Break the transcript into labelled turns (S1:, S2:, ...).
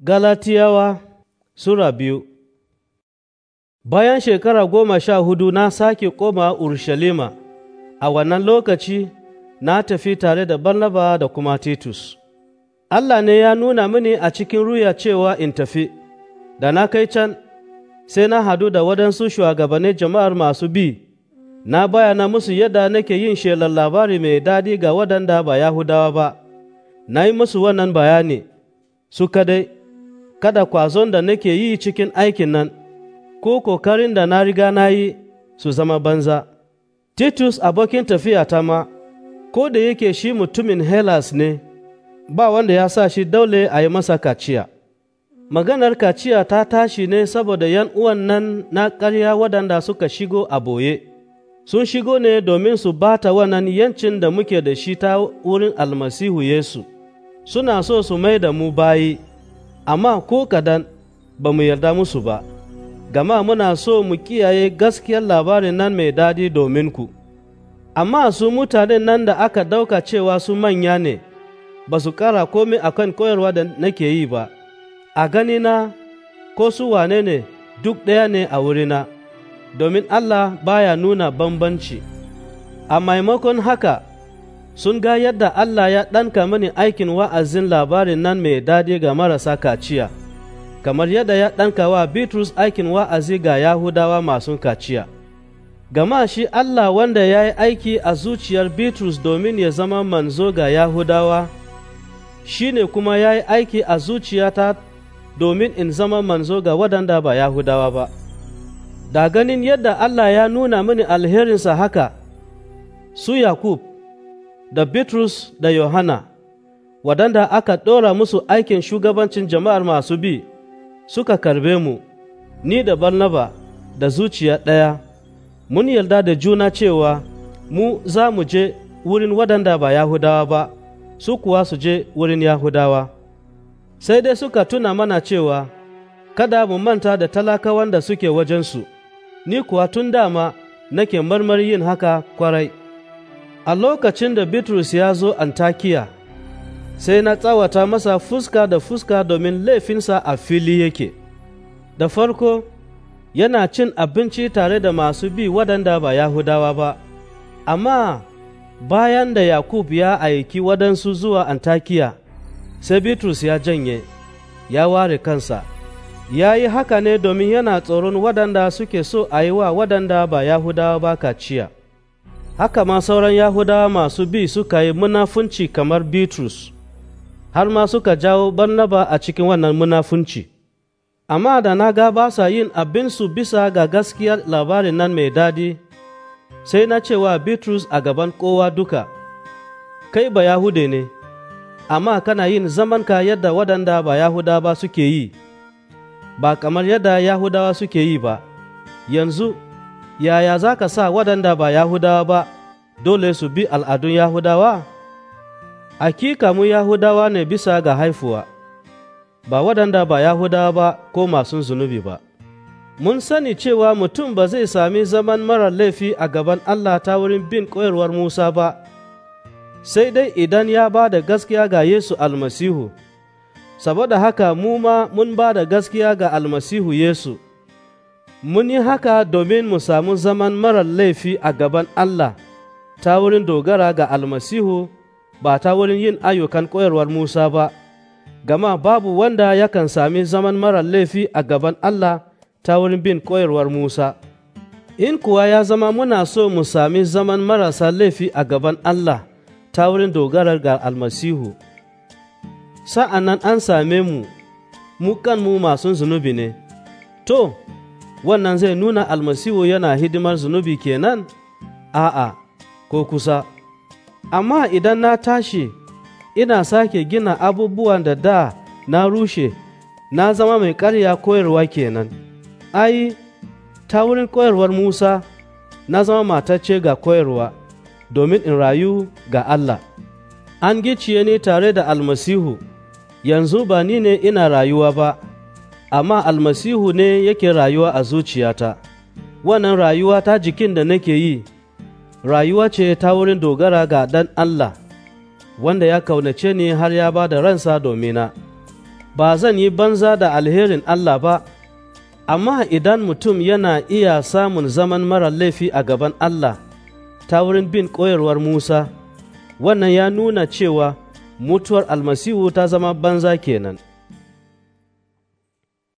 S1: Galatiyawa Sura biyu Bayan shekara goma sha hudu na sake koma Urushalima, a wannan lokaci na tafi tare da Barnaba da kuma Titus. Allah ne ya nuna mini a cikin ruya cewa in tafi, da na kai can sai na hadu da waɗansu shugabannin jama'ar masu bi, na bayana musu yadda nake yin shelar labari mai daɗi ga waɗanda ba Yahudawa ba, na yi musu wannan bayani, su kadai. kada kwazon da nake yi cikin aikin nan, ko kokarin da na riga na yi su zama banza. Titus abokin tafiya ta ma, ko da yake shi mutumin Hellas ne, ba wanda ya sa shi daule a yi masa kaciya. Maganar kaciya ta tashi ne saboda ‘yan uwan nan na karya waɗanda suka shigo a boye, sun shigo ne domin su bata wannan yancin da muke da shi ta wurin almasihu Yesu, suna so su mai da mu bayi. amma ko kadan ba mu yarda musu ba, gama muna so mu kiyaye gaskiyar labarin nan mai daɗi domin ku. Amma su mutanen nan da aka ɗauka cewa su manya ne, ba su ƙara komi a kan koyarwa da nake yi ba, a ganina ko su wane ne duk ɗaya ne a wurina, domin Allah baya nuna bambanci. A maimakon haka, sun ga yadda Allah ya ɗanka mini aikin wa'azin labarin nan mai daɗi ga marasa kaciya, kamar yadda ya ɗanka wa Bitrus aikin wa'azi ga Yahudawa masu kaciya. Gama shi Allah wanda ya yi aiki a zuciyar Bitrus domin ya zama manzo ga Yahudawa, shi ne kuma ya yi aiki a zuciyata domin in zama manzo ga waɗanda ba Yahudawa ba. Da ganin yadda Allah ya nuna mini alherinsa haka, su Yakub. da Bitrus da Yohana, waɗanda aka ɗora musu aikin shugabancin jama'ar masu bi, suka karbe mu, ni da Barnaba da zuciya ɗaya, mun yarda da juna cewa mu za mu je wurin waɗanda ba Yahudawa ba, su kuwa su je wurin Yahudawa. Sai dai suka tuna mana cewa, kada mu manta da talaka wanda suke wajensu, ni kuwa tun dama nake marmar yin haka kwarai. A lokacin da Bitrus ya zo Antakiya, sai na tsawata masa fuska da fuska domin laifinsa a fili yake. Da farko, yana cin abinci tare da masu bi waɗanda ba Yahudawa ba, amma bayan da Yakub ya aiki waɗansu zuwa Antakiya, sai Bitrus ya janye, ya ware kansa. ya yi haka ne domin yana tsoron waɗanda suke so a yi wa waɗanda ba Yahudawa ba kaciya. haka ma sauran yahudawa masu bi suka yi munafunci kamar bitrus har ma suka jawo barnaba a cikin wannan munafunci amma da na ga ba sa yin abinsu bisa ga gaskiyar labarin nan mai dadi sai na cewa bitrus a gaban kowa duka kai ba yahude ne amma kana yin zamanka yadda waɗanda ba yahuda ba suke yi ba kamar yadda yahudawa suke yi ba yanzu yaya za ka sa waɗanda ba Yahudawa ba dole su bi al'adun Yahudawa? Akika mu Yahudawa ne bisa ga haifuwa, ba waɗanda ba Yahudawa ba ko masu zunubi ba. Mun sani cewa mutum ba zai sami zaman marar laifi a gaban Allah ta wurin bin koyarwar Musa ba, sai dai idan ya ba da gaskiya ga Yesu almasihu, saboda haka mu ma mun ba da gaskiya ga almasihu Yesu. mun yi haka domin mu samu zaman marar laifi a gaban Allah ta wurin dogara ga almasihu ba ta wurin yin ayyukan koyarwar Musa ba, gama babu wanda yakan sami zaman marar laifi a gaban Allah ta wurin bin koyarwar Musa. In kuwa ya zama muna so mu sami zaman marasa laifi a gaban Allah ta wurin dogara ga almasihu, sa'an nan an same mu, mu kanmu masu zunubi ne. To, wannan zai nuna almasihu yana hidimar zunubi kenan? A'a, ko kusa. Amma idan na tashi, ina sake gina abubuwan da da na rushe, na zama mai karya koyarwa kenan. Ai, ta wurin koyarwar Musa, na zama matacce ga koyarwa, domin in rayu ga Allah. An giciye ni tare da almasihu, yanzu ba ni ne ina rayuwa ba. amma almasihu ne yake rayuwa a zuciyata, wannan rayuwa ta jikin da nake yi, rayuwa ce ta wurin dogara ga dan Allah, wanda ya kaunace ni har ya ba da ransa domina. Ba zan yi banza da alherin Allah ba, amma idan mutum yana iya samun zaman mara laifi a gaban Allah ta wurin bin koyarwar Musa, wannan ya nuna cewa mutuwar almasihu ta zama banza kenan.